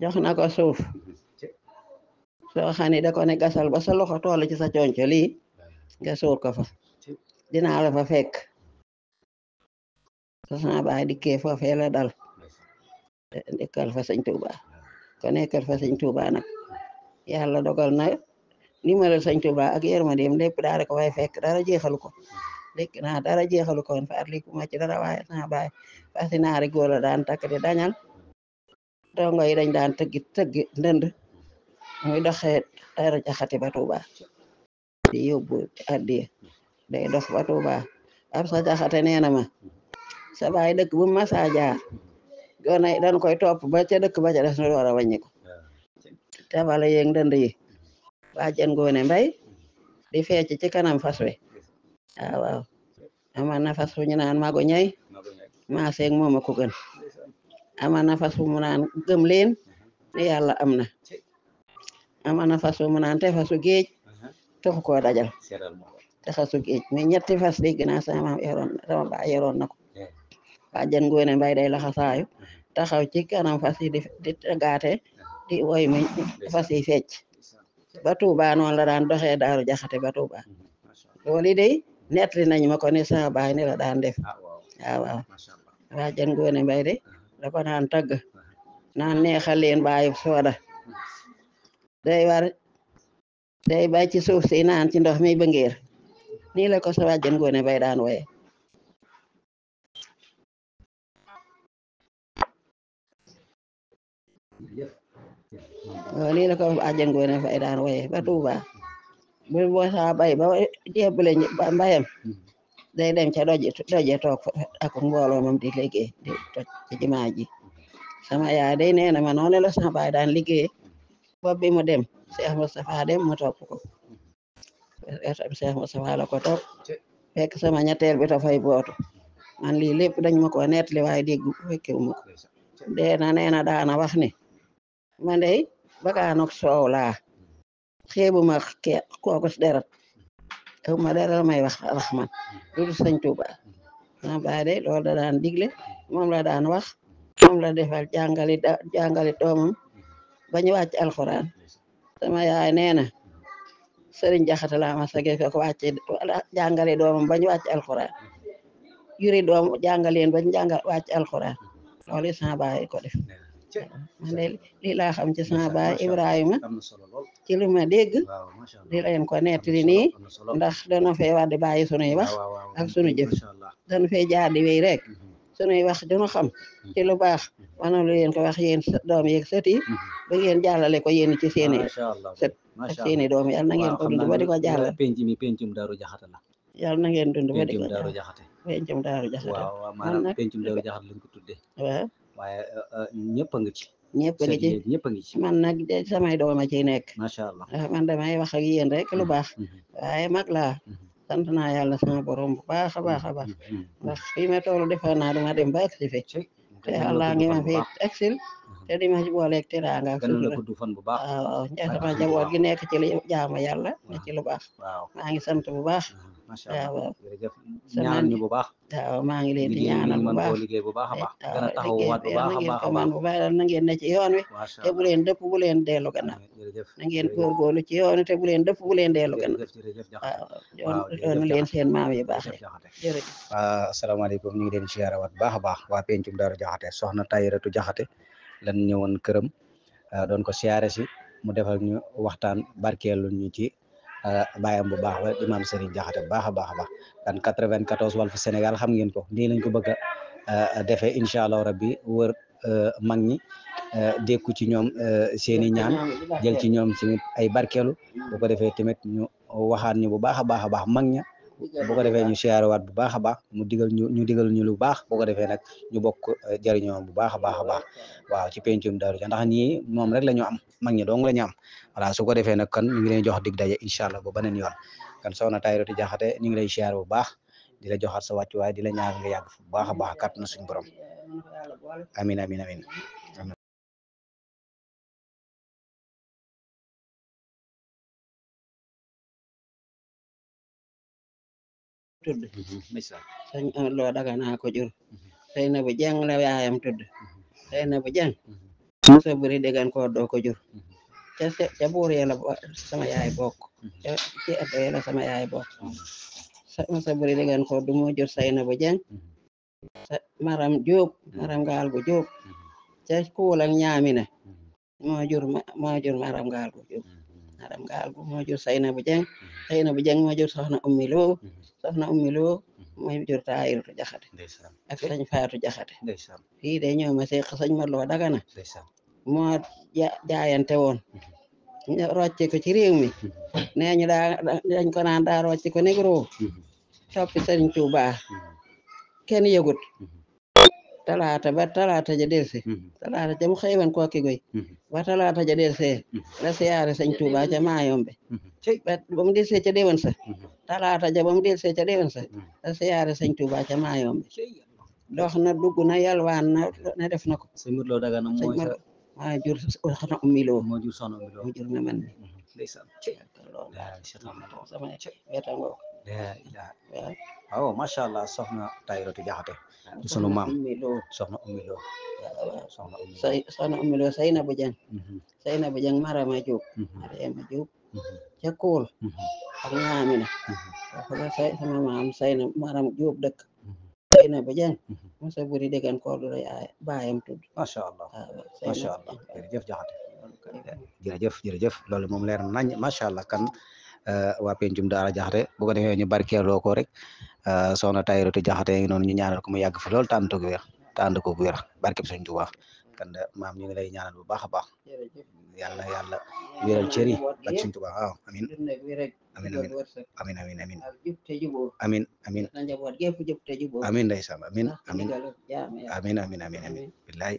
jox na ko suuf soo xam ne da ko ne gasal ba sa loxo toll ci sa conco lii nga suur ko fa dina la fa fekk sa sama baay dikkee foofee la dal nekkal Tuuba ko nekkal fa sëñ Tuuba nag yàlla dogal na ndimalal sëñ Tuuba ak yërmandeem lépp daara ko fay fekk dara jeexalu ko léegi naa dara jeexalu ko woon faat li ku ma ci dara waaye sama baay fasi naari góor daan takk di dañal dongo yi dañ daan tëggi tëggi ndënd muy doxee dara jaxati ba Tuuba di yóbbu addiye day dox ba Tuuba ab sa jaxate nee na ma sa baay dëkk bu ma saa jaar gone yi dañ koy topp ba ca dëkk ba ca des nu door a wàññi ko tabala yeeg ndënd yi bàjjen ngoone mbay di fecc ci kanam fas wi waaw waaw fas fu ñu naan mago ñay maa seeg mooma ko gën amana fas wu mu naan gëm leen ne uh-huh. yàlla am na amana fas wu mu naan te fasu géej uh-huh. taxu koo dajal te fasu géej mais ñetti fas dégg naa sama maam yoroon sama baa yoroon na ko bàjjan ngoone mbay day laxasaayu uh-huh. taxaw ci kanam fas yi di gaate di woy mi fas yi fecc ba Tuuba noonu la daan doxee daaru jaxate ba Tuuba loolu day nettali nañ ma ko ne sama baay ni la daan def ah, waaw ah, waaw bàjjan ngoone de da naan tagg naan neexal leen baayu sooda day war day ci suuf si naan ci ndox mi bëngeer nii la ko sa wàjjan Ngoone daan wooye waaw nii la ko wàjjan Ngoone daan wooye ba Tuuba bu boo bay ba jebule mbayam day dem ca doje doje toog ak mbooloo moom di liggéey di toj ci jumaa sama yaay day nee na ma noonu la sama daan liggéey bopp bi mu dem Cheikh Moustapha dem mu topp ko Cheikh Moustapha la ko topp fekk sama ñetteel bi dafay bootu man lii lépp dañ ma ko nettali waaye dégg fekke wu ma ko dee wax ne man day bakaanok soow laa xeebu ma kooku deret aw ma dara may wax raxman loolu sëñ Tuuba sama de loolu la daan digle moom la daan wax moom la defal jàngali jàngali doomam ba ñu wàcc alxuraan sama yaay nee na sëriñ jaxata la ma sage ko wàcce jàngale doomam ba ñu wàcc alxuraan yuri doom jàngaleen ba ñu wàcc alxuraan loolu def de lii laa xam ci sama baay Ibrahima ci li ma dégg di leen ko nettali nii ndax dana fee wax di bàyyi sunuy wax ak sunu jëf dana fee jaar di wéy rek mhm. sunuy wax dina xam mhm. ci lu baax mhm. wana lu leen ko wax yéen doom ye sët yi ba ngeen ko yéen ci seeni sët ak seeni doom yàlla na ngeen ko dund ba di ko jàllale penc mi pencum daaru jaxate la yàlla na ngeen dund ba di ko jàllale pencum daaru jaxate ko tuddee waaye eh, eh, ñëpp a ngi ci. ñëpp a ñëpp a ngi ci man nag samay dooma ciy nekk. macha allah ah, man damay wax ak yéen rek lu mm-hmm. baax. Mm-hmm. waaye mag la mm-hmm. sant naa yàlla sama borom bu baax a baax a baax. ndax na ma dem ba agsi fi. te allah ngi ma fi te di ma booleeg teraanga ak sutura waaw waaw sama njaboot gi nekk ci lu jaama yàlla ne ci lu baax maa ngi sant bu baax waaw waaw ñaan ñu bu baax waaw maa ngi leen di ñaanal bu baax liggéey bu baax a baax eh, gën a taxawaat bu baax a baax man bu baax daal na ngeen ne ci yoon wi te bu leen dëpp bu leen dellu gannaaw na ngeen góorgóorlu ci yoon wi te bu leen dëpp bu leen dellu gannaaw waaw yoon leen seen maam yi baax jërëjëf asalaamaaleykum ñu ngi leen siyaare waat baax a baax waa pencum Daaru Jaxate soxna Tayratu Jaxate lan ñëwoon këram ah, doon ko siyaare si mu defal ñu waxtaan barkeelu ñu ci ah, bàyyam bu baax ba imaam Serigne Diakhaté bu baax a baax a baax dan 94 Walf Sénégal xam ngeen ko nii lañ ko bëgg a ah, defee incha allah rabbi wër mag ñi dékku ci ñoom seen i ñaan jël ci ñoom si ay barkeelu bu ko defee tamit ñu waxaan ñu bu baax a baax a baax mag ña bu ko defee ñu siyaare waat bu baax a baax mu digal ñu ñu digal ñu lu baax bu ko defee nag ñu bokk eh, jëriñoo bu baax a baax a baax waaw ci pencum daal ja ndax ñii moom rek la ñu am mag ñi dong la ñu am voilà su ko defee nag kan ñu ngi leen jox dig daje incha allah ba beneen yoon kan kon soxna Tayratu Jaxate ñu ngi lay siyaare bu baax di la joxaat sa wàccuwaay di la ñaar nga yàgg bu baax a baax kàtt na suñu borom amin amin amin tudd sëñ Amadou Lo Dagana ko jur Seynabou mhm. Dieng la yaayam tudd Seynabou mhm. Dieng Moussa mhm. Buri Degan maram Jóob maram gaal gu ca kuul ak ñaamina moo maram gaal gu haram gaal gu moo jur Saynabu Jeng Saynabu Jeng moo jur soxna Ummi Lo mhm. soxna Ummi Lo mhm. mooy jur Tahiratu Jaxate ak sëñ Faatu Jaxate fii de ñoo ma seex sëñ ma loo dagana moo jaayante woon mhm. rocce ci réew mi ne ñu daa dañ ko naan daa rocce ko Negro toppi sëñ Tuubaa kenn yëgut talaata ba talaata ja delsi mm-hmm. talaata ja mu xeewen kooki goy mm-hmm. ba talaata ja delsee la mm-hmm. siyaare sëñ Tuuba ca Maayombe ba mu delsee ca déwan sa talaata ja ba mu delsee ca déwan sa la siyaare sëñ Tuuba ca Maayombe dox na dugg na na def na ko ma Mor sa maa jur la ilaha allah soxna Tayratu Jaxate di sunu maam soxna Ummi Lo soxna Ummi Lo soxna Ummi Lo Saynabu Jeng Saynabu Jeng Marama Jóob Marama Jóob ca Kool ak ñaamina kooku say sama maam sayna Marama Jóob dëkk Saynabu Jeng mosa allah macha jërëjëf Jaxate jërëjëf jërëjëf loolu moom leer nañ macha allah Eh, waa pencum daara jaxate bu ko defee ñu barkeeloo ko rek eh, soxna Tayratu jaxate ngi noonu ñu ñaanal ko mu yàgg fi lool tànn ko wér tànn ko wér barkeb Sëñ Tuubaa kan eh, maam ñu ngi lay ñaanal bu baax a baax yàlla yàlla wéral cër yi a Sëñ Tuubaa waaw amin amin amin amin amin amin amin amin ndeysaan amin amin amin amin amin billaay